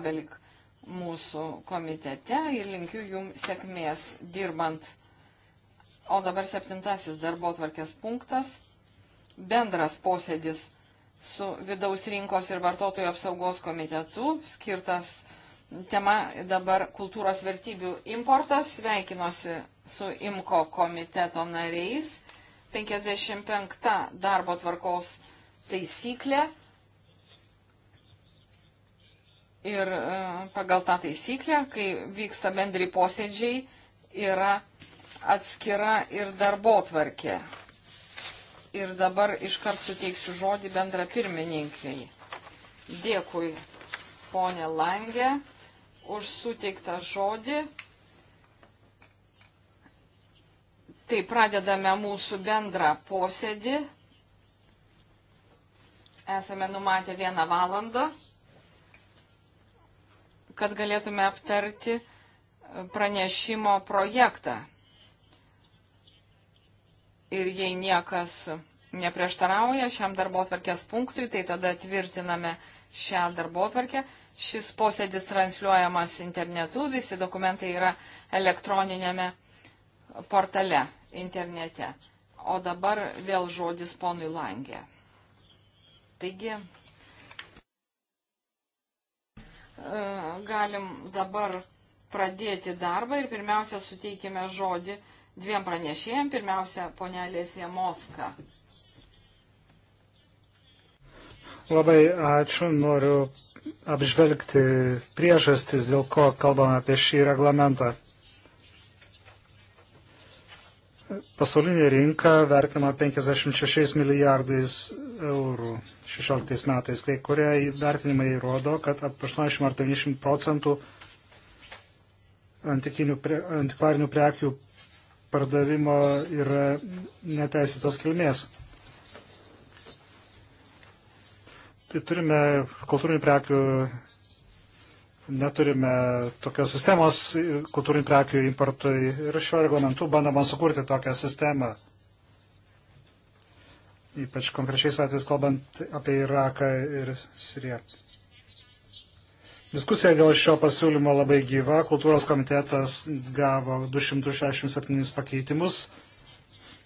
Pabelik mūsų komitete ir linkiu jums sėkmės dirbant. O dabar septintasis darbo tvarkės punktas - bendras posėdis su vidaus rinkos ir vartotojų apsaugos komitetu skirtas tema dabar kultūros vertybių importas. Sveikinosi su IMKO komiteto nariais. 55 darbo tvarkos taisyklė Ir e, pagal tą taisyklę, kai vyksta bendri posėdžiai, yra atskira ir darbo tvarkė. Ir dabar iškart suteiksiu žodį bendra pirmininkai. Dėkui, ponė Langė, už suteiktą žodį. Tai pradedame mūsų bendrą posėdį. Esame numatę vieną valandą kad galėtume aptarti pranešimo projektą. Ir jei niekas neprieštarauja šiam darbo atvarkės punktui, tai tada tvirtiname šią darbo atvarkę. Šis posėdis transliuojamas internetu, visi dokumentai yra elektroninėme portale internete. O dabar vėl žodis ponui Langė. Taigi, galim dabar pradėti darbą ir pirmiausia suteikime žodį dviem pranešėjim. Pirmiausia, ponia Lėsė Moska. Labai ačiū. Noriu apžvelgti priežastis, dėl ko kalbame apie šį reglamentą. Pasaulinė rinka vertima 56 milijardais eurų 16 metais, kai kurie vertinimai rodo, kad 80 ar 90 procentų pre, antikvarinių prekių pardavimo yra neteisėtos kilmės. Tai turime kultūrinių prekių, neturime tokios sistemos kultūrinių prekių importui ir šiuo reglamentu bandama sukurti tokią sistemą ypač konkrečiais atvejais kalbant apie Iraką ir Siriją. Diskusija dėl šio pasiūlymo labai gyva. Kultūros komitetas gavo 267 pakeitimus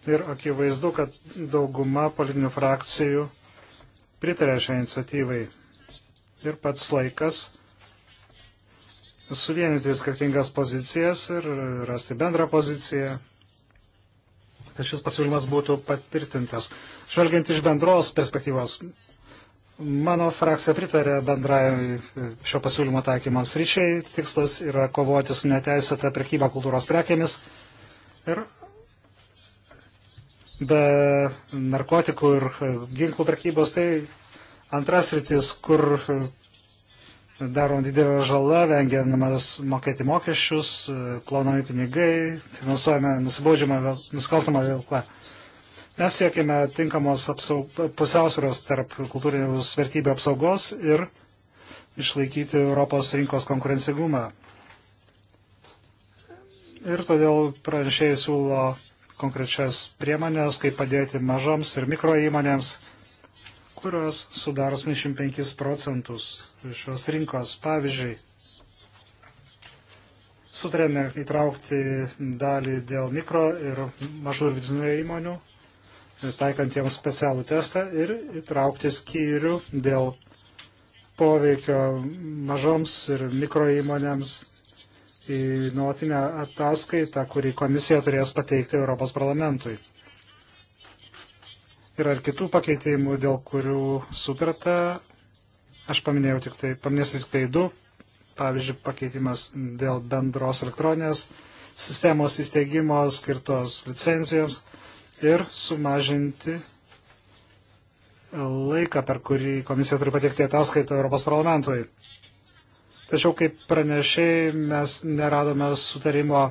ir akivaizdu, kad dauguma politinių frakcijų pritarė šią iniciatyvai. Ir pats laikas suvienyti skirtingas pozicijas ir rasti bendrą poziciją kad šis pasiūlymas būtų patvirtintas. Žvelgiant iš bendros perspektyvos, mano frakcija pritarė bendrai šio pasiūlymo taikymo sryčiai. Tikslas yra kovoti su neteisėta prekyba kultūros prekėmis ir be narkotikų ir ginklų prekybos. Tai antras rytis, kur daroma didelė žala, vengiamas mokėti mokesčius, e, plaunami pinigai, finansuojame nusibaudžiamą nusikalstamą veiklą. Mes siekime tinkamos apsaug, pusiausvėros tarp kultūrinių svertybių apsaugos ir išlaikyti Europos rinkos konkurencingumą. Ir todėl pranešėjai siūlo konkrečias priemonės, kaip padėti mažoms ir mikro įmonėms kurios sudaro 75 procentus šios rinkos. Pavyzdžiui, sutarėme įtraukti dalį dėl mikro ir mažų ir vidutinių įmonių, taikant jiems specialų testą ir įtraukti skyrių dėl poveikio mažoms ir mikro įmonėms į nuotinę ataskaitą, kurį komisija turės pateikti Europos parlamentui. Yra ir kitų pakeitimų, dėl kurių sutarta. Aš paminėjau tik tai, paminėsiu tik tai du. Pavyzdžiui, pakeitimas dėl bendros elektroninės sistemos įsteigimo skirtos licencijoms ir sumažinti laiką, per kurį komisija turi pateikti ataskaitą Europos parlamentui. Tačiau kaip pranešiai mes neradome sutarimo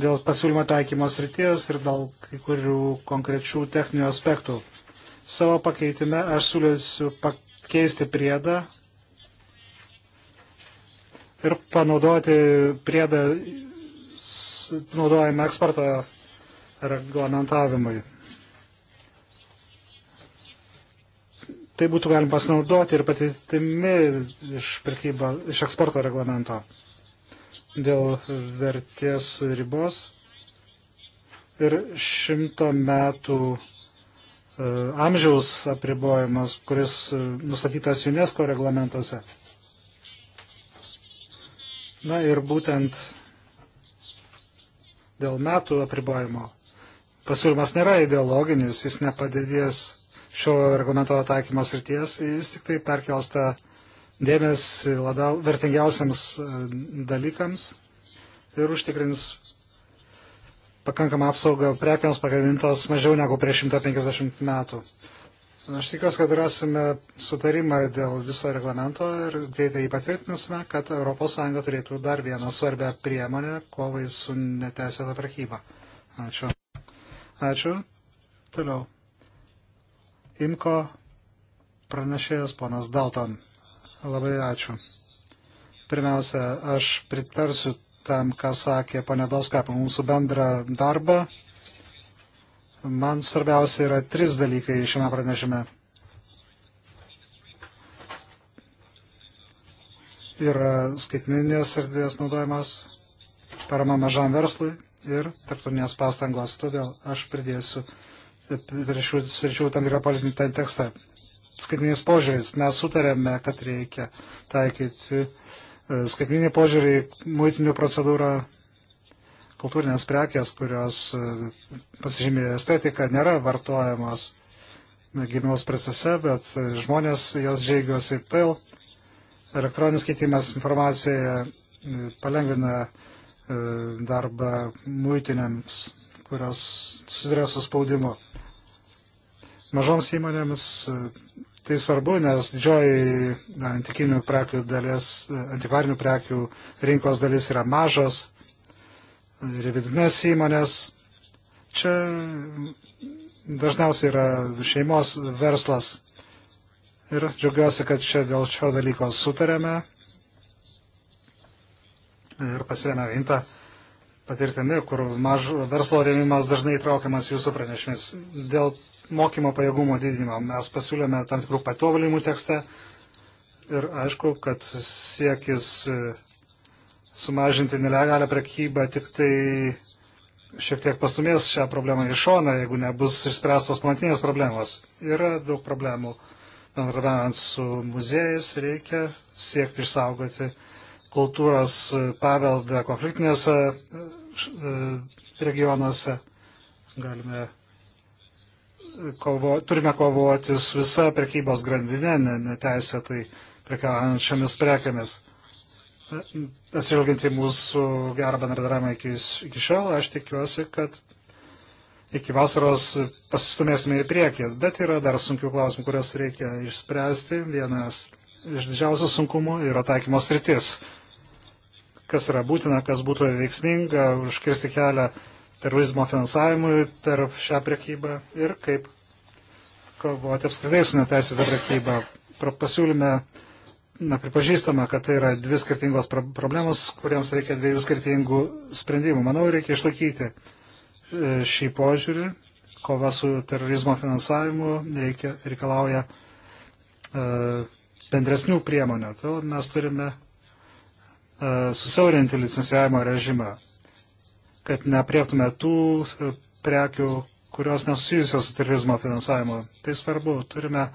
dėl pasiūlymo taikymo srities ir dėl kai kurių konkrečių techninių aspektų. Savo pakeitime aš siūlysiu pakeisti priedą ir panaudoti priedą naudojame eksporto reglamentavimui. Tai būtų galima pasinaudoti ir patirtimi iš, prekyba, iš eksporto reglamento dėl vertės ribos ir šimto metų e, amžiaus apribojimas, kuris e, nustatytas UNESCO reglamentuose. Na ir būtent dėl metų apribojimo pasiūlymas nėra ideologinis, jis nepadidės šio reglamento taikymos ryties, jis tik tai perkels tą ta dėmesį labiau vertingiausiams e, dalykams ir užtikrins pakankamą apsaugą prekiams pagamintos mažiau negu prieš 150 metų. Aš tikiuosi, kad rasime sutarimą dėl viso reglamento ir greitai jį patvirtinsime, kad ES turėtų dar vieną svarbę priemonę kovai su neteisėta prekyba. Ačiū. Ačiū. Toliau. Imko pranešėjas ponas Dalton. Labai ačiū. Pirmiausia, aš pritarsiu tam, ką sakė panedoska apie mūsų bendrą darbą. Man svarbiausia yra tris dalykai šiame pranešime. Yra skaitmininės erdvės naudojimas, parama mažam verslui ir tarptautinės pastangos. Todėl aš pridėsiu prie šių sričių tam tikrą politinį tekstą skaitminiais požiūriais. Mes sutarėme, kad reikia taikyti e, skaitminį požiūrį, muitinių procedūrą, kultūrinės prekės, kurios e, pasižymė estetiką, nėra vartojamos gimimos procese, bet e, žmonės jos žaigiuosi ir tai elektroninis keitimas informacija palengvina darbą muitiniams, kurios susiduria su spaudimu. Mažoms įmonėms e, tai svarbu, nes didžioji antikinių prekių dalis, e, antikvarinių prekių rinkos dalis yra mažos ir vidinės įmonės. Čia dažniausiai yra šeimos verslas. Ir džiaugiuosi, kad čia dėl šio dalyko sutarėme ir pasiremę intą patirtimi, kur mažo verslo rėmimas dažnai įtraukiamas jūsų pranešimis. Dėl mokymo pajėgumo didinimą. Mes pasiūlėme tam tikrų patobulinimų tekste ir aišku, kad siekis e, sumažinti nelegalią prekybą tik tai šiek tiek pastumės šią problemą į šoną, jeigu nebus išspręstos pamatinės problemos. Yra daug problemų. Bendradavant su muziejais reikia siekti išsaugoti kultūros paveldą konfliktinėse e, e, regionuose. Galime kovo, turime kovoti su visa prekybos grandinė neteisėtai prekiaujančiamis prekiamis. Atsižvelgiant į mūsų gerą bendradarbiavimą iki, iki šiol, aš tikiuosi, kad iki vasaros pasistumėsime į priekį. Bet yra dar sunkių klausimų, kuriuos reikia išspręsti. Vienas iš didžiausių sunkumų yra taikymos rytis. Kas yra būtina, kas būtų veiksminga, užkirsti kelią terorizmo finansavimui per šią priekybą ir kaip kovoti apskritai su neteisėta priekyba. Pasiūlyme na, pripažįstama, kad tai yra dvi skirtingos problemos, kuriems reikia dviejų skirtingų sprendimų. Manau, reikia išlaikyti e, šį požiūrį. Kova su terorizmo finansavimu reikia, reikalauja uh, bendresnių priemonių. Todėl mes turime uh, susiaurinti licencijavimo režimą kad nepriektume tų e, prekių, kurios nesusijusios su terorizmo finansavimu. Tai svarbu, turime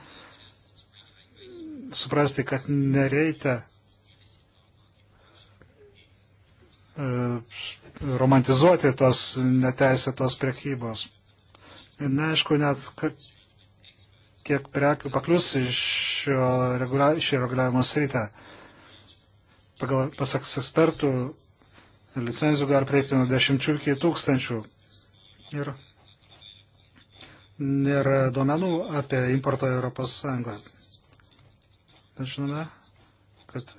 suprasti, kad nereikia e, romantizuoti tos neteisėtos prekybos. Neaišku, net kiek prekių paklius iš šio reguliavimo sritę. Pagal, pasak ekspertų, Licenzijų gali prieiti nuo dešimčių iki tūkstančių. Ir nėra duomenų apie importą Europos Sąjungą. Žinome, kad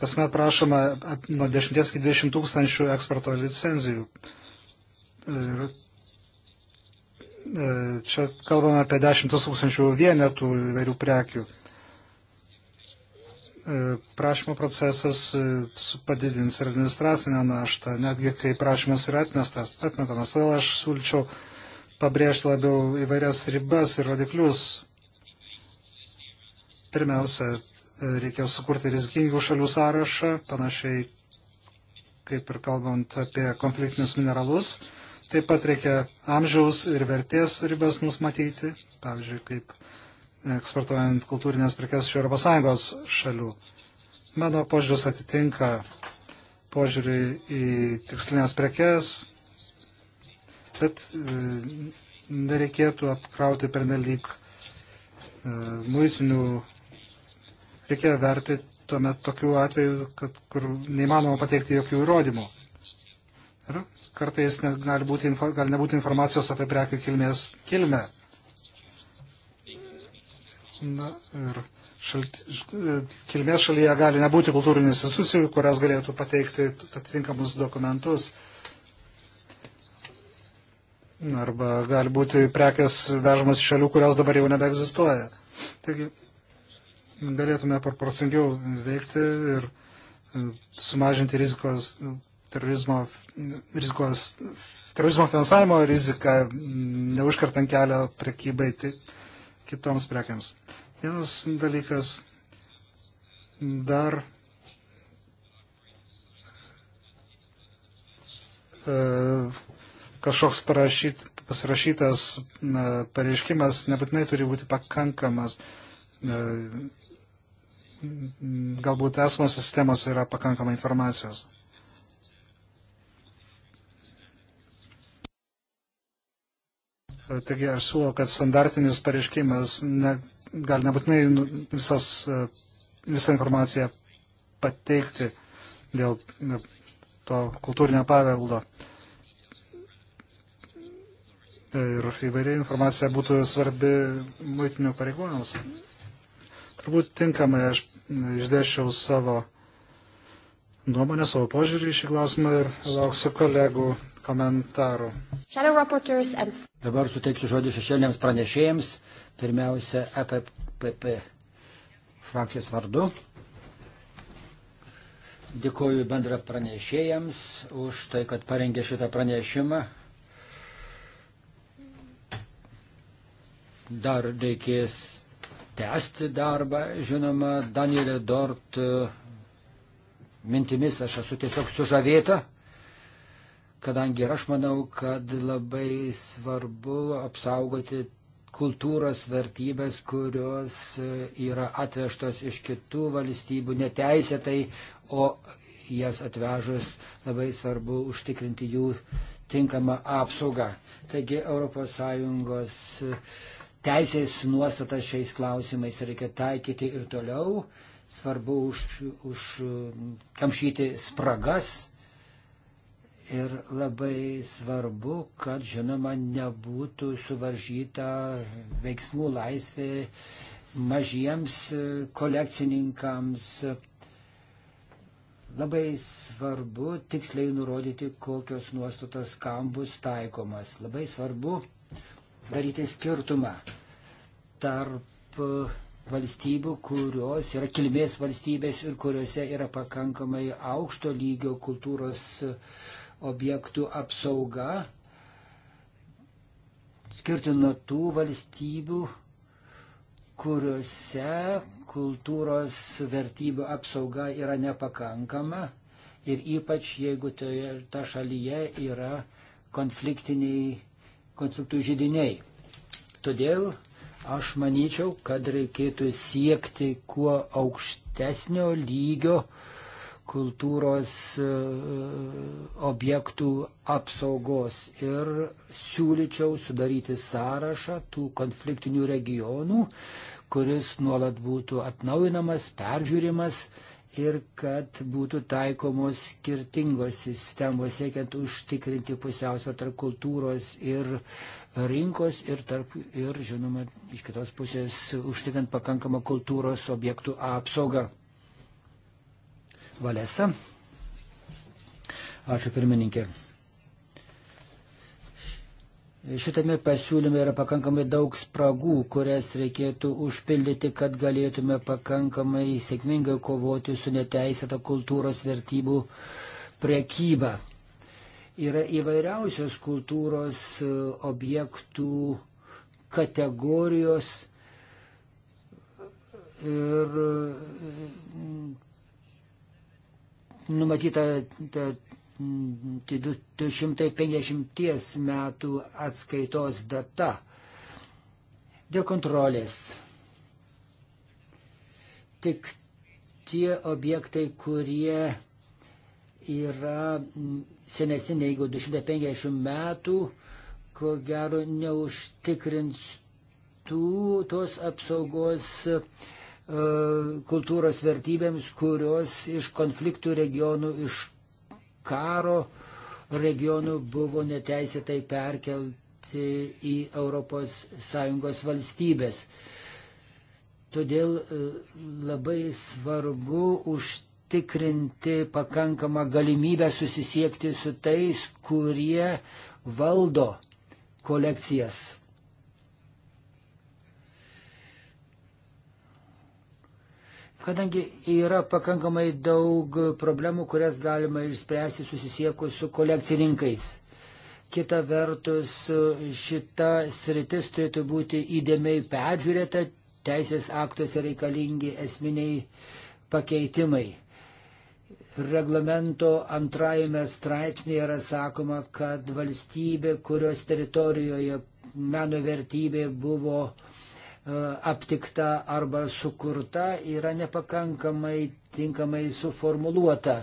kasmet prašoma nuo 10 iki 20 tūkstančių eksporto licenzijų. Ir e, čia kalbame apie 10 tūkstančių vienetų įvairių prekių. E, prašymo procesas e, padidins ir administracinę naštą, netgi kai prašymas yra atmestas, atmetamas. Todėl aš siūlyčiau pabrėžti labiau įvairias ribas ir rodiklius. Pirmiausia, e, reikia sukurti rizikingų šalių sąrašą, panašiai kaip ir kalbant apie konfliktinius mineralus. Taip pat reikia amžiaus ir vertės ribas numatyti, pavyzdžiui, kaip eksportuojant kultūrinės prekes iš ES šalių. Mano požiūris atitinka požiūrį į tikslinės prekes, bet e, nereikėtų apkrauti pernelyg e, muitinių. Reikia verti tuomet tokių atvejų, kad, kur neįmanoma pateikti jokių įrodymų. Ir kartais net gali, būti, gali nebūti informacijos apie prekių kilmės kilmę. Na, ir šalti, kilmės šalyje gali nebūti kultūrinių institucijų, kurias galėtų pateikti atitinkamus dokumentus. Arba gali būti prekes vežamas iš šalių, kurios dabar jau nebeegzistuoja. Taigi galėtume proporcingiau veikti ir e, sumažinti rizikos, terorizmo, rizikos, terorizmo finansavimo riziką, neužkartant kelią prekybai. Tai, kitoms prekiams. Vienas dalykas dar e, kažkoks parašyt, pasirašytas pareiškimas nebūtinai turi būti pakankamas. E, galbūt esamos sistemos yra pakankama informacijos. Taigi aš siūlau, kad standartinis pareiškimas ne, gali nebūtinai nu, visas, e, visą informaciją pateikti dėl e, to kultūrinio paveldo. E, ir įvairiai informacija būtų svarbi muitinių pareigūnams. Turbūt tinkamai aš išdėšiau savo uh, nuomonę, savo požiūrį į šį klausimą ir lauksiu kolegų komentarų. Dabar suteiksiu žodį šešėlėms pranešėjams. Pirmiausia, EPPP frakcijos vardu. Dėkuoju bendra pranešėjams už tai, kad parengė šitą pranešimą. Dar reikės tęsti darbą. Žinoma, Danielė Dort mintimis aš esu tiesiog sužavėta, kadangi ir aš manau, kad labai svarbu apsaugoti kultūros vertybės, kurios e, yra atvežtos iš kitų valstybių neteisėtai, o jas atvežus labai svarbu užtikrinti jų tinkamą apsaugą. Taigi ES e, teisės nuostatas šiais klausimais reikia taikyti ir toliau svarbu už, užkamšyti spragas ir labai svarbu, kad žinoma nebūtų suvaržyta veiksmų laisvė mažiems kolekcininkams. Labai svarbu tiksliai nurodyti, kokios nuostatos kam bus taikomas. Labai svarbu daryti skirtumą tarp valstybių, kurios yra kilmės valstybės ir kuriuose yra pakankamai aukšto lygio kultūros objektų apsauga, skirti nuo tų valstybių, kuriuose kultūros vertybių apsauga yra nepakankama ir ypač jeigu toje, ta šalyje yra konfliktiniai konfliktų žydiniai. Todėl Aš manyčiau, kad reikėtų siekti kuo aukštesnio lygio kultūros e, objektų apsaugos ir siūlyčiau sudaryti sąrašą tų konfliktinių regionų, kuris nuolat būtų atnaujinamas, peržiūrimas ir kad būtų taikomos skirtingos sistemos siekiant užtikrinti pusiausvę tarp kultūros ir uh, rinkos ir, tarp, ir žinoma, iš kitos pusės užtikant pakankamą kultūros objektų apsaugą. Valesa. Ačiū pirmininkė. Šitame pasiūlyme yra pakankamai daug spragų, kurias reikėtų užpildyti, kad galėtume pakankamai sėkmingai kovoti su neteisėta kultūros vertybų priekyba yra įvairiausios kultūros e, objektų kategorijos ir e, numatyta ta, 250 tai metų atskaitos data dėl kontrolės. Tik tie objektai, kurie yra senesni negu 250 metų, ko gero neužtikrins tų, tos apsaugos e, kultūros vertybėms, kurios iš konfliktų regionų, iš karo regionų buvo neteisėtai perkelti į ES valstybės. Todėl e, labai svarbu užtikrinti užtikrinti pakankamą galimybę susisiekti su tais, kurie valdo kolekcijas. Kadangi yra pakankamai daug problemų, kurias galima išspręsti susisiekus su kolekcininkais. Kita vertus, šita sritis turėtų būti įdėmiai peržiūrėta, teisės aktuose reikalingi esminiai pakeitimai reglamento antrajame straipsnėje yra sakoma, kad valstybė, kurios teritorijoje meno vertybė buvo e, aptikta arba sukurta, yra nepakankamai tinkamai suformuluota.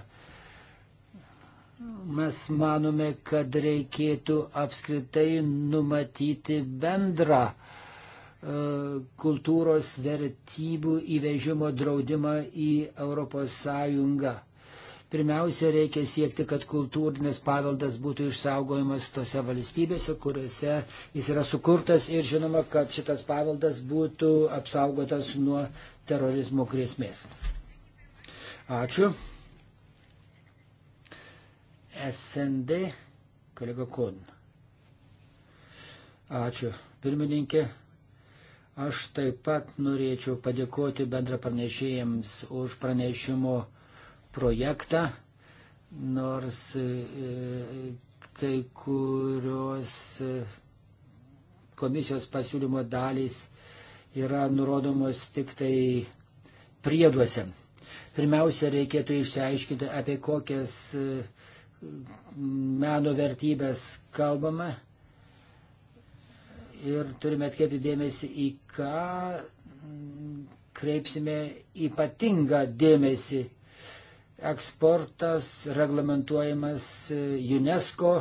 Mes manome, kad reikėtų apskritai numatyti bendrą e, kultūros vertybių įvežimo draudimą į ES. Pirmiausia, reikia siekti, kad kultūrinis paveldas būtų išsaugojamas tose valstybėse, kuriuose jis yra sukurtas ir žinoma, kad šitas paveldas būtų apsaugotas nuo terorizmo grėsmės. Ačiū. SND, kolega Kun. Ačiū, pirmininkė. Aš taip pat norėčiau padėkoti bendra pranešėjams už pranešimo projektą, nors e, kai kurios e, komisijos pasiūlymo dalys yra nurodomos tik tai prieduose. Pirmiausia, reikėtų išsiaiškinti, apie kokias e, meno vertybės kalbama ir turime atkreipti dėmesį į ką kreipsime ypatingą dėmesį eksportas reglamentuojamas UNESCO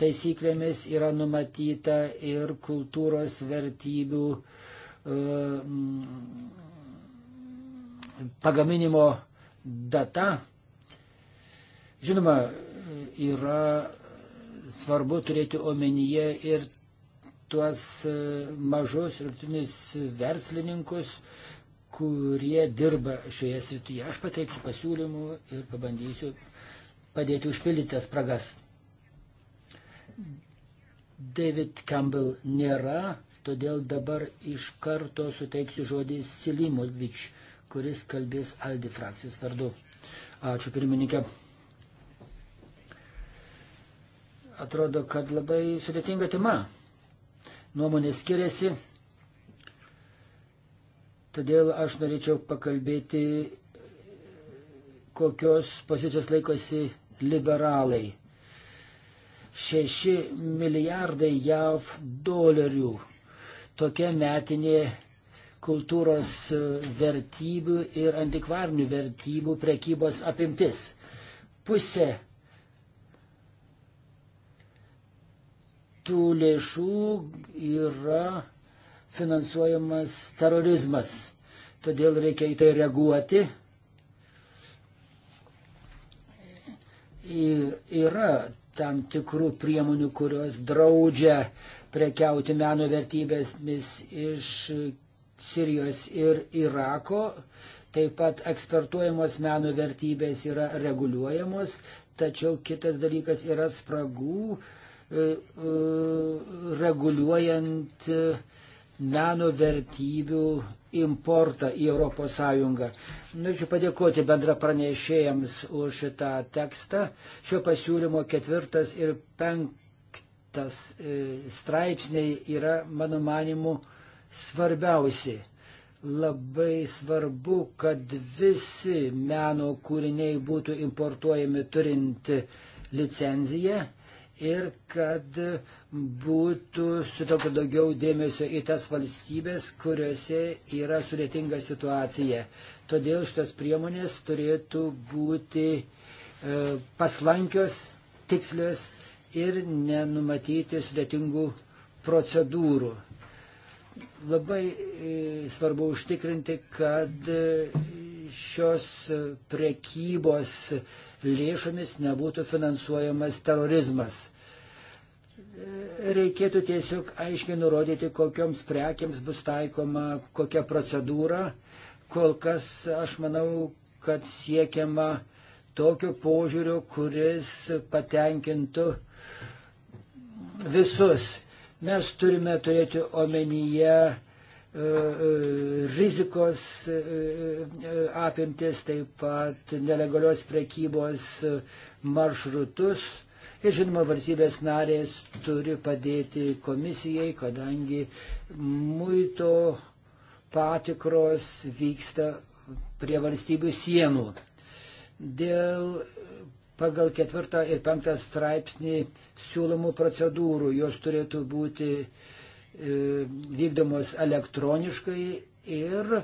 taisyklėmis yra numatyta ir kultūros vertybių e, pagaminimo data. Žinoma, yra svarbu turėti omenyje ir tuos e, mažus ir vidutinius verslininkus, kurie dirba šioje srityje. Aš pateiksiu pasiūlymų ir pabandysiu padėti užpildyti tas spragas. David Campbell nėra, todėl dabar iš karto suteiksiu žodį Silimovič, kuris kalbės Aldi frakcijos vardu. Ačiū pirmininkė. Atrodo, kad labai sudėtinga tema. Nuomonės skiriasi Todėl aš norėčiau pakalbėti, kokios pozicijos laikosi liberalai. 6 milijardai JAV dolerių. Tokia metinė kultūros vertybių ir antikvarinių vertybių prekybos apimtis. Pusė tų lėšų yra finansuojamas terorizmas. Todėl reikia į tai reaguoti. Yra tam tikrų priemonių, kurios draudžia prekiauti meno vertybėmis iš Sirijos ir Irako. Taip pat ekspertuojamos meno vertybės yra reguliuojamos, tačiau kitas dalykas yra spragų e, e, reguliuojant uh, nano vertybių importą į ES. Norėčiau padėkoti bendra pranešėjams už šitą tekstą. Šio pasiūlymo ketvirtas ir penktas e, straipsniai yra, mano manimu, svarbiausi. Labai svarbu, kad visi meno kūriniai būtų importuojami turint licenciją ir kad būtų sutelkta daugiau dėmesio į tas valstybės, kuriuose yra sudėtinga situacija. Todėl šitas priemonės turėtų būti e, paslankios, tikslios ir nenumatyti sudėtingų procedūrų. Labai e, svarbu užtikrinti, kad e, šios prekybos lėšomis nebūtų finansuojamas terorizmas. Reikėtų tiesiog aiškiai nurodyti, kokioms prekiams bus taikoma kokia procedūra. Kol kas aš manau, kad siekiama tokio požiūrio, kuris patenkintų visus. Mes turime turėti omenyje e, e, rizikos e, apimtis, taip pat nelegalios prekybos maršrutus Ir žinoma, valstybės narės turi padėti komisijai, kadangi muito patikros vyksta prie valstybių sienų. Dėl pagal ketvirtą ir penktą straipsnį siūlomų procedūrų jos turėtų būti e, vykdomos elektroniškai ir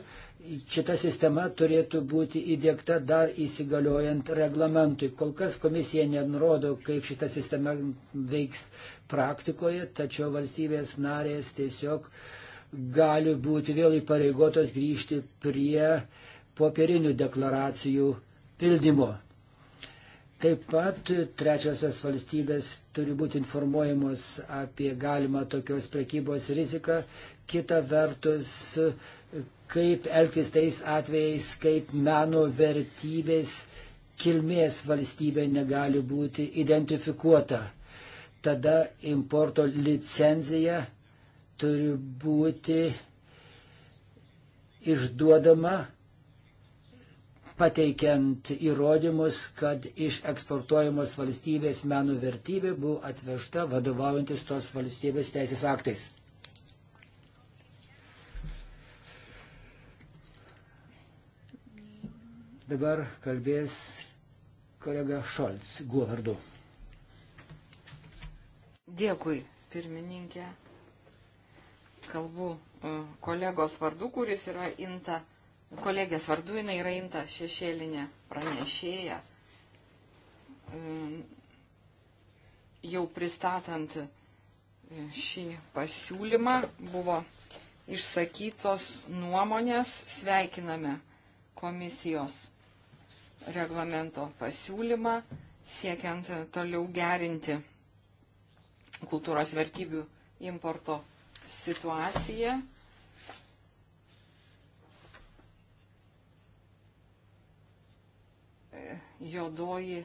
šita sistema turėtų būti įdėkta dar įsigaliojant reglamentui. Kol kas komisija nenurodo, kaip šita sistema veiks praktikoje, tačiau valstybės narės tiesiog gali būti vėl įpareigotos grįžti prie popierinių deklaracijų pildymo. Taip pat trečiosios valstybės turi būti informuojamos apie galimą tokios prekybos riziką. Kita vertus, kaip elgtis tais atvejais, kaip meno vertybės kilmės valstybė negali būti identifikuota. Tada importo licenzija turi būti išduodama pateikiant įrodymus, kad iš eksportuojamos valstybės menų vertybė buvo atvežta vadovaujantis tos valstybės teisės aktais. Dabar kalbės kolega Šolts, Guvardu. Dėkui, pirmininkė. Kalbu e, kolegos vardu, kuris yra inta, kolegės vardu, jinai yra inta šešėlinė pranešėja. E, jau pristatant e, šį pasiūlymą buvo išsakytos nuomonės, sveikiname komisijos reglamento pasiūlymą, siekiant toliau gerinti kultūros vertybių importo situaciją. Jodoji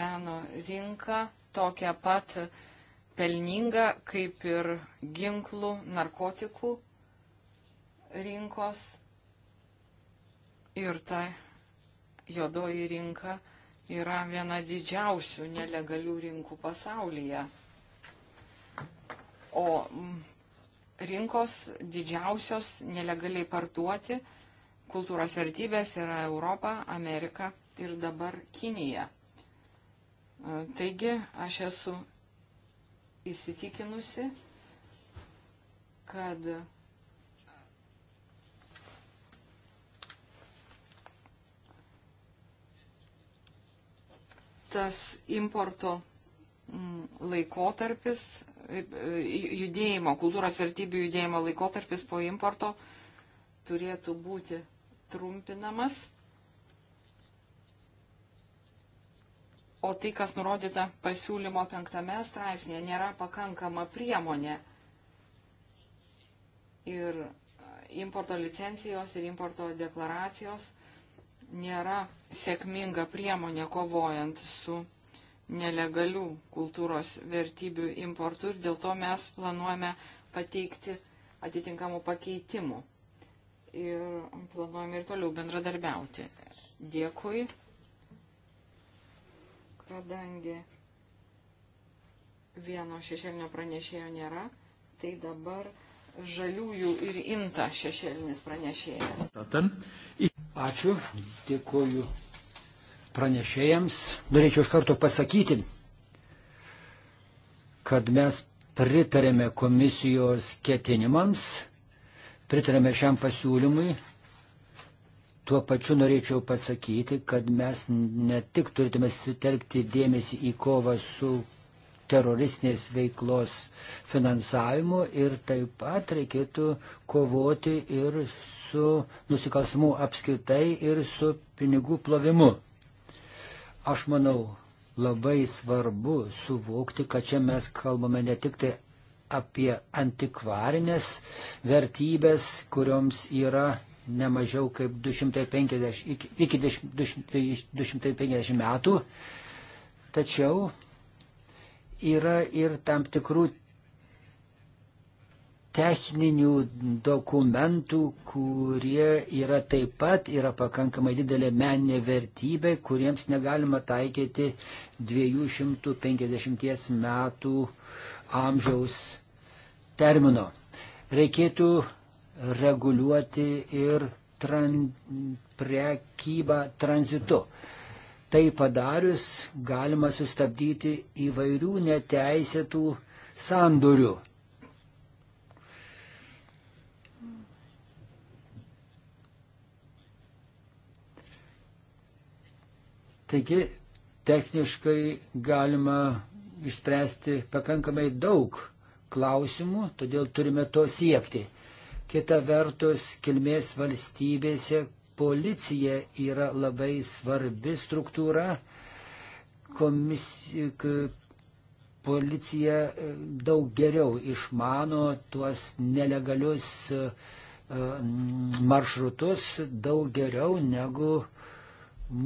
meno rinka tokia pat pelninga kaip ir ginklų, narkotikų rinkos ir ta juodoji rinka yra viena didžiausių nelegalių rinkų pasaulyje. O mm, rinkos didžiausios nelegaliai parduoti kultūros vertybės yra Europa, Amerika ir dabar Kinija. E, taigi aš esu įsitikinusi, kad tas importo mm, laikotarpis, e, e, judėjimo, kultūros vertybių judėjimo laikotarpis po importo turėtų būti trumpinamas. O tai, kas nurodyta pasiūlymo penktame straipsnėje, nėra pakankama priemonė. Ir e, importo licencijos ir importo deklaracijos nėra sėkminga priemonė kovojant su nelegalių kultūros vertybių importu ir dėl to mes planuojame pateikti atitinkamų pakeitimų ir planuojame ir toliau bendradarbiauti. Dėkui, kadangi vieno šešėlinio pranešėjo nėra, tai dabar žaliųjų ir inta šešėlinis pranešėjas. Ačiū, dėkuoju pranešėjams. Norėčiau iš karto pasakyti, kad mes pritarėme komisijos ketinimams, pritarėme šiam pasiūlymui. Tuo pačiu norėčiau pasakyti, kad mes ne tik turėtume sutelkti dėmesį į kovą su teroristinės veiklos finansavimu ir taip pat reikėtų kovoti ir su nusikalstamu apskritai ir su pinigų plovimu. Aš manau, labai svarbu suvokti, kad čia mes kalbame ne tik tai apie antikvarinės vertybės, kurioms yra nemažiau kaip 250, iki, iki 250 metų, tačiau yra ir tam tikrų techninių dokumentų, kurie yra taip pat yra pakankamai didelė meninė vertybė, kuriems negalima taikyti 250 metų amžiaus termino. Reikėtų reguliuoti ir tran, prekybą tranzitu. Tai padarius galima sustabdyti įvairių neteisėtų sandorių. Taigi techniškai galima išspręsti pakankamai daug klausimų, todėl turime to siekti. Kita vertus, kilmės valstybėse policija yra labai svarbi struktūra. Komisija, policija e, daug geriau išmano tuos nelegalius e, maršrutus daug geriau negu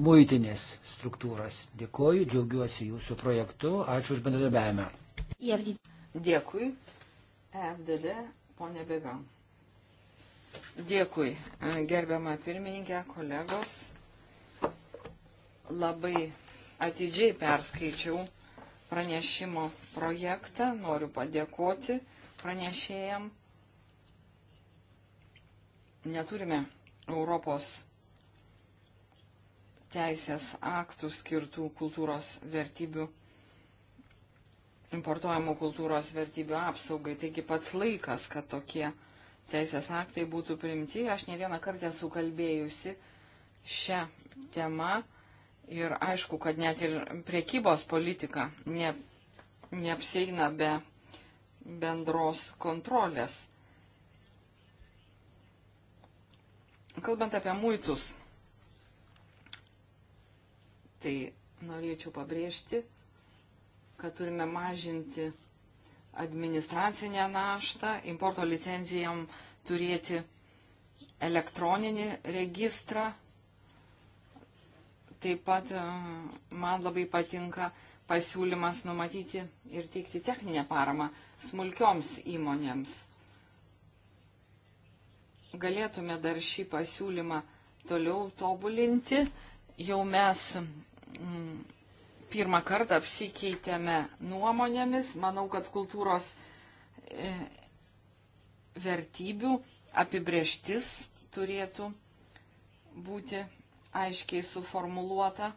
muitinės struktūros. Dėkoju, džiaugiuosi jūsų projektu, ačiū už bendradarbiavimą. Dėkui, e FDD, ponė Began. Dėkui, e, gerbiama pirmininkė, kolegos. Labai atidžiai perskaičiau pranešimo projektą. Noriu padėkoti pranešėjam. Neturime Europos teisės aktų skirtų kultūros vertybių, importuojamų kultūros vertybių apsaugai. Taigi pats laikas, kad tokie teisės aktai būtų primti. Aš ne vieną kartą esu kalbėjusi šią temą ir aišku, kad net ir priekybos politika ne, neapsieina be bendros kontrolės. Kalbant apie muitus, tai norėčiau pabrėžti, kad turime mažinti administracinę naštą, importo licencijam turėti elektroninį registrą. Taip pat mm, man labai patinka pasiūlymas numatyti ir teikti techninę paramą smulkioms įmonėms. Galėtume dar šį pasiūlymą toliau tobulinti. Jau mes mm, pirmą kartą apsikeitėme nuomonėmis. Manau, kad kultūros e, vertybių apibrieštis turėtų būti aiškiai suformuluota.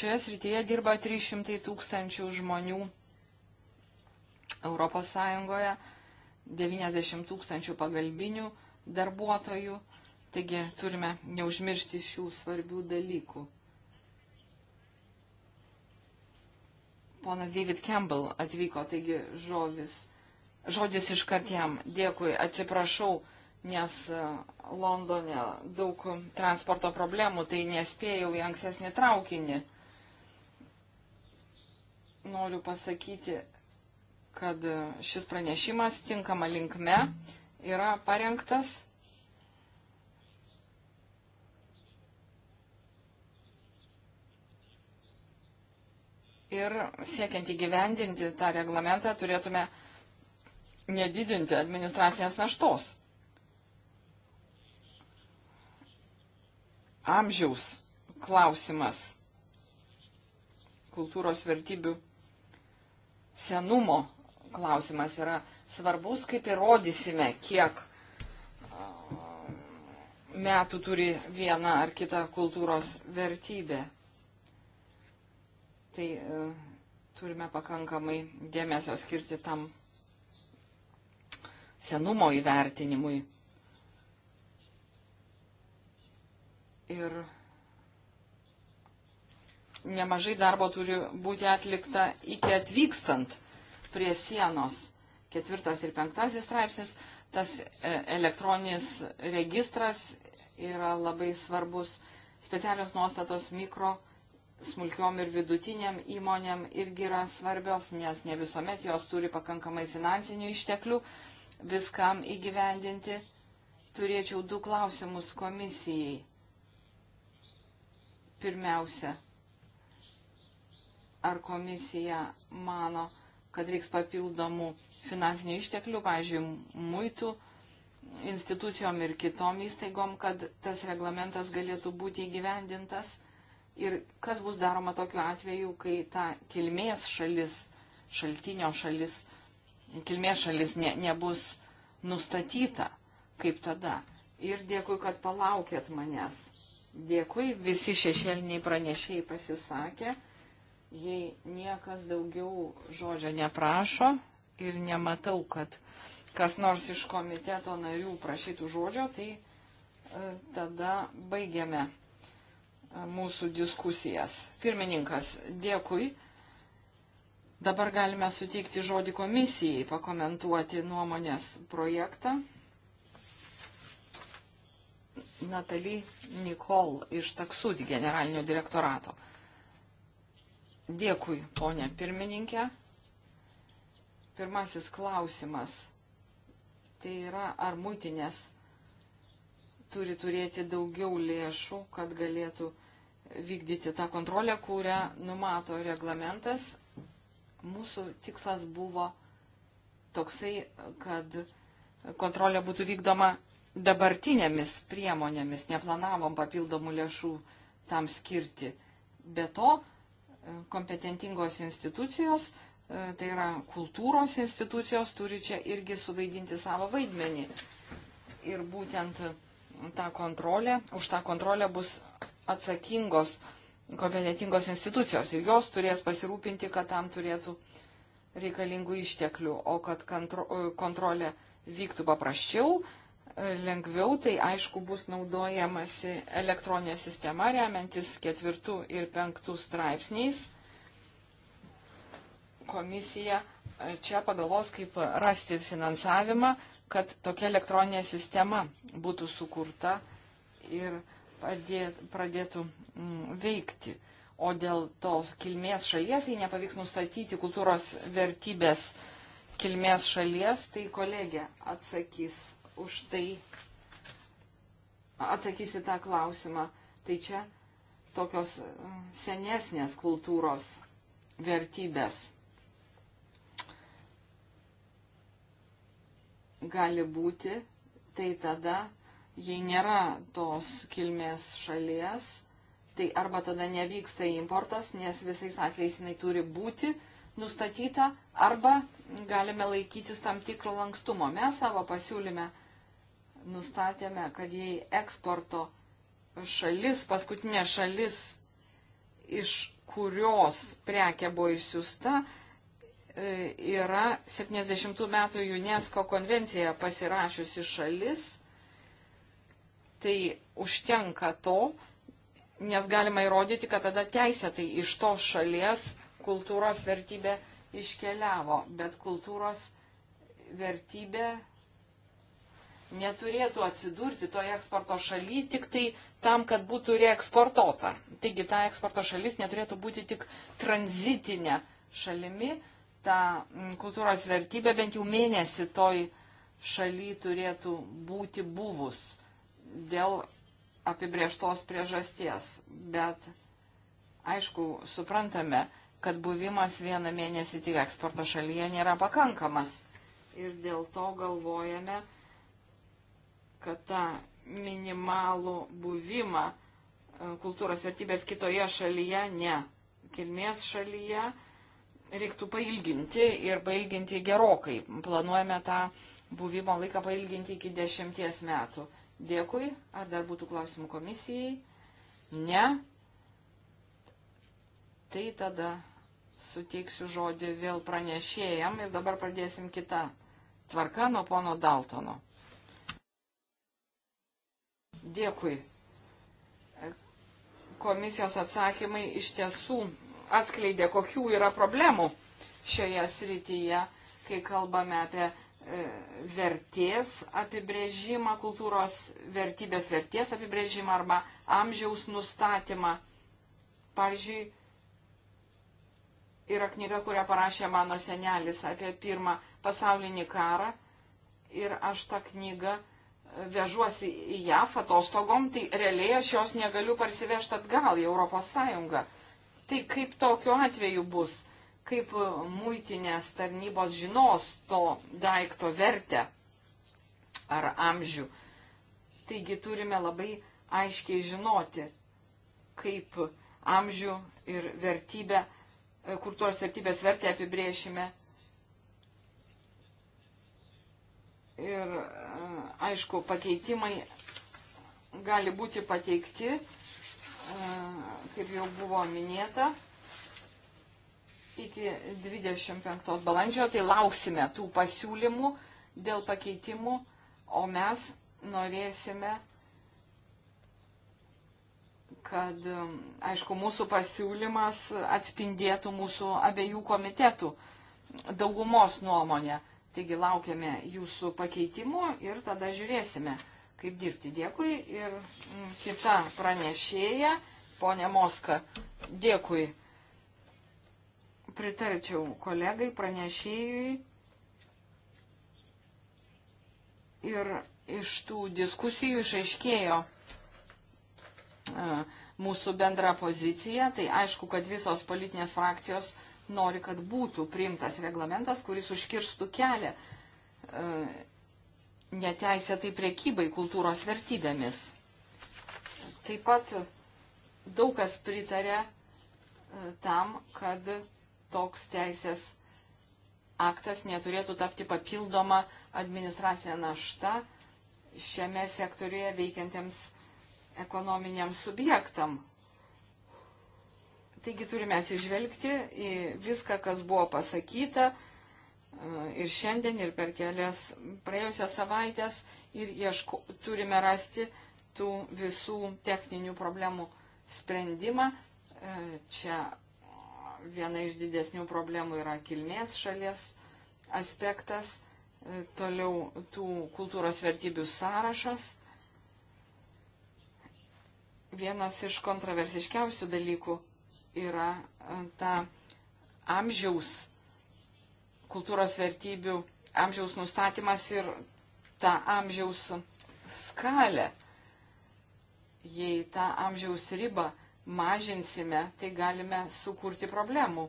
Šioje srityje dirba 300 tūkstančių žmonių ES, 90 tūkstančių pagalbinių darbuotojų, taigi turime neužmiršti šių svarbių dalykų. Ponas David Campbell atvyko, taigi žodis, žodis iškart jam. Dėkui, atsiprašau, nes e, Londone daug transporto problemų, tai nespėjau į ankstesnį traukinį. Noriu pasakyti, kad e, šis pranešimas tinkama linkme yra parengtas ir siekiant įgyvendinti tą reglamentą turėtume nedidinti administracinės naštos. Amžiaus klausimas kultūros vertybių senumo klausimas yra svarbus, kaip įrodysime, kiek metų turi viena ar kita kultūros vertybė tai e, turime pakankamai dėmesio skirti tam senumo įvertinimui. Ir nemažai darbo turi būti atlikta iki atvykstant prie sienos. Ketvirtas ir penktasis straipsnis, tas e, elektroninis registras yra labai svarbus. Specialios nuostatos mikro smulkiom ir vidutiniam įmonėm irgi yra svarbios, nes ne visuomet jos turi pakankamai finansinių išteklių viskam įgyvendinti. Turėčiau du klausimus komisijai. Pirmiausia, ar komisija mano, kad reiks papildomų finansinių išteklių, pavyzdžiui, muitų institucijom ir kitom įstaigom, kad tas reglamentas galėtų būti įgyvendintas? ir kas bus daroma tokiu atveju, kai ta kilmės šalis, šaltinio šalis, kilmės šalis ne, nebus nustatyta, kaip tada. Ir dėkui, kad palaukėt manęs. Dėkui, visi šešėliniai pranešėjai pasisakė. Jei niekas daugiau žodžio neprašo ir nematau, kad kas nors iš komiteto narių prašytų žodžio, tai e, tada baigiame mūsų diskusijas. Pirmininkas, dėkui. Dabar galime suteikti žodį komisijai, pakomentuoti nuomonės projektą. Natalie Nikol iš Taksud generalinio direktorato. Dėkui, ponė pirmininkė. Pirmasis klausimas. Tai yra, ar muitinės turi turėti daugiau lėšų, kad galėtų vykdyti tą kontrolę, kurią numato reglamentas. Mūsų tikslas buvo toksai, kad kontrolė būtų vykdoma dabartinėmis priemonėmis, neplanavom papildomų lėšų tam skirti. Be to, kompetentingos institucijos, tai yra kultūros institucijos, turi čia irgi suvaidinti savo vaidmenį. Ir būtent tą kontrolę, už tą kontrolę bus atsakingos kompetentingos institucijos ir jos turės pasirūpinti, kad tam turėtų reikalingų išteklių, o kad kontrolė vyktų paprasčiau, lengviau, tai aišku bus naudojamasi elektroninė sistema remiantis ketvirtų ir penktų straipsniais. Komisija e, čia pagalvos, kaip rasti finansavimą kad tokia elektroninė sistema būtų sukurta ir padėt, pradėtų mm, veikti. O dėl tos kilmės šalies, jei nepavyks nustatyti kultūros vertybės kilmės šalies, tai kolegė atsakys už tai, atsakys į tą klausimą. Tai čia tokios mm, senesnės kultūros vertybės gali būti, tai tada, jei nėra tos kilmės šalies, tai arba tada nevyksta importas, nes visais atvejais jinai turi būti nustatyta, arba galime laikytis tam tikro lankstumo. Mes savo pasiūlyme nustatėme, kad jei eksporto šalis, paskutinė šalis, iš kurios prekė buvo išsiusta, E, yra 70 metų UNESCO konvencija pasirašiusi šalis, tai užtenka to, nes galima įrodyti, kad tada teisėtai iš tos šalies kultūros vertybė iškeliavo, bet kultūros vertybė neturėtų atsidurti toje eksporto šalyje tik tai tam, kad būtų reeksportuota. Taigi ta eksporto šalis neturėtų būti tik tranzitinė šalimi, ta mm, kultūros vertybė bent jau mėnesį toj šaly turėtų būti buvus dėl apibrieštos priežasties. Bet aišku, suprantame, kad buvimas vieną mėnesį tik eksporto šalyje nėra pakankamas. Ir dėl to galvojame, kad tą minimalų buvimą e, kultūros vertybės kitoje šalyje, ne kilmės šalyje, reiktų pailginti ir pailginti gerokai. Planuojame tą buvimo laiką pailginti iki dešimties metų. Dėkui. Ar dar būtų klausimų komisijai? Ne. Tai tada suteiksiu žodį vėl pranešėjam ir dabar pradėsim kitą tvarką nuo pono Daltono. Dėkui. Komisijos atsakymai iš tiesų atskleidė, kokių yra problemų šioje srityje, kai kalbame apie e, vertės apibrėžimą, kultūros vertybės vertės apibrėžimą arba amžiaus nustatymą. Pavyzdžiui, yra knyga, kurią parašė mano senelis apie pirmą pasaulinį karą ir aš tą knygą e, vežuosi į JAF atostogom, tai realiai aš jos negaliu parsivežti atgal į Europos Sąjungą. Tai kaip tokiu atveju bus, kaip muitinės tarnybos žinos to daikto vertę ar amžių. Taigi turime labai aiškiai žinoti, kaip amžių ir vertybę, kur tos vertybės vertę apibrėšime. Ir aišku, pakeitimai gali būti pateikti Mm, kaip jau buvo minėta, iki 25 balandžio, tai lauksime tų pasiūlymų dėl pakeitimų, o mes norėsime, kad, mm, aišku, mūsų pasiūlymas atspindėtų mūsų abiejų komitetų daugumos nuomonę. Taigi laukiame jūsų pakeitimų ir tada žiūrėsime, kaip dirbti. Dėkui. Ir mm, kita pranešėja, ponė Moska, dėkui. Pritarčiau kolegai, pranešėjui. Ir iš tų diskusijų išaiškėjo e, mūsų bendra pozicija. Tai aišku, kad visos politinės frakcijos nori, kad būtų priimtas reglamentas, kuris užkirstų kelią e, neteisėtai priekybai kultūros vertybėmis. Taip pat daug kas pritarė e, tam, kad toks teisės aktas neturėtų tapti papildoma administracinė našta šiame sektoriuje veikiantiems ekonominiam subjektam. Taigi turime atsižvelgti į viską, kas buvo pasakyta, ir šiandien, ir per kelias praėjusias savaitės ir ieško, turime rasti tų visų techninių problemų sprendimą. E, čia viena iš didesnių problemų yra kilmės šalies aspektas, e, toliau tų kultūros vertybių sąrašas. Vienas iš kontroversiškiausių dalykų yra e, ta amžiaus kultūros vertybių amžiaus nustatymas ir tą amžiaus skalę. Jei tą amžiaus ribą mažinsime, tai galime sukurti problemų.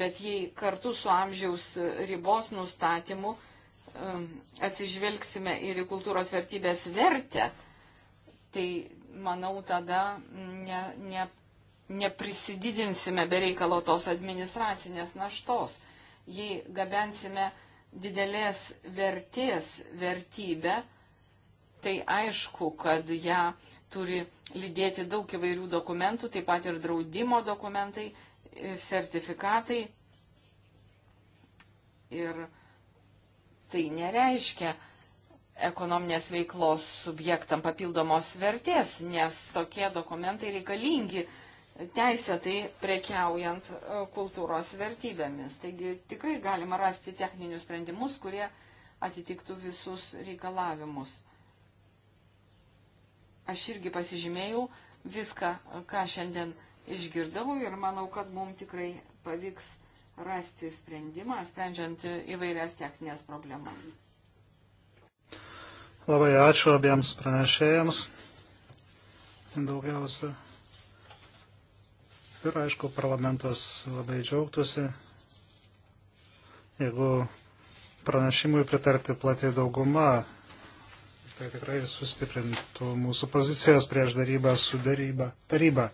Bet jei kartu su amžiaus ribos nustatymu um, atsižvelgsime ir į kultūros vertybės vertę, tai manau tada ne, ne, neprisididinsime be reikalo tos administracinės naštos jei gabensime didelės vertės vertybę, tai aišku, kad ją turi lydėti daug įvairių dokumentų, taip pat ir draudimo dokumentai, sertifikatai. Ir tai nereiškia ekonominės veiklos subjektam papildomos vertės, nes tokie dokumentai reikalingi teisėtai prekiaujant e, kultūros vertybėmis. Taigi tikrai galima rasti techninius sprendimus, kurie atitiktų visus reikalavimus. Aš irgi pasižymėjau viską, ką šiandien išgirdau ir manau, kad mums tikrai pavyks rasti sprendimą, sprendžiant įvairias techninės problemas. Labai ačiū abiems pranešėjams. Daugiausia Ir aišku, parlamentas labai džiaugtųsi, jeigu pranešimui pritarti platė dauguma, tai tikrai sustiprintų mūsų pozicijas prieš darybą su daryba, taryba,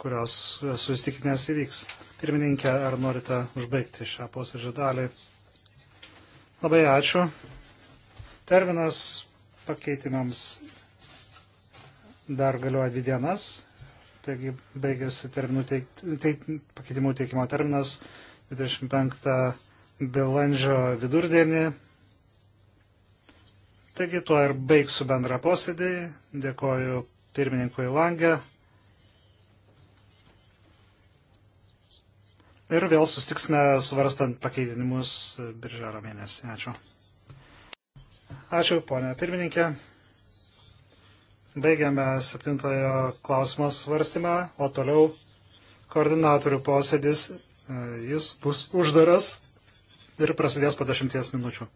kurios susitikinės įvyks. Pirmininkė, ar norite užbaigti šią posėdžio dalį? Labai ačiū. Terminas pakeitimams dar galioja dvi dienas taigi baigėsi terminų teik, teik, pakeitimų teikimo terminas 25 balandžio vidurdienį. Taigi tuo ir baigsiu bendrą posėdį. Dėkoju pirmininkui Langė. Ir vėl sustiksime svarstant pakeitinimus birželio mėnesį. Ačiū. Ačiū, ponia pirmininkė. Baigiame septintojo klausimo svarstymą, o toliau koordinatorių posėdis, e, jis bus uždaras ir prasidės po dešimties minučių.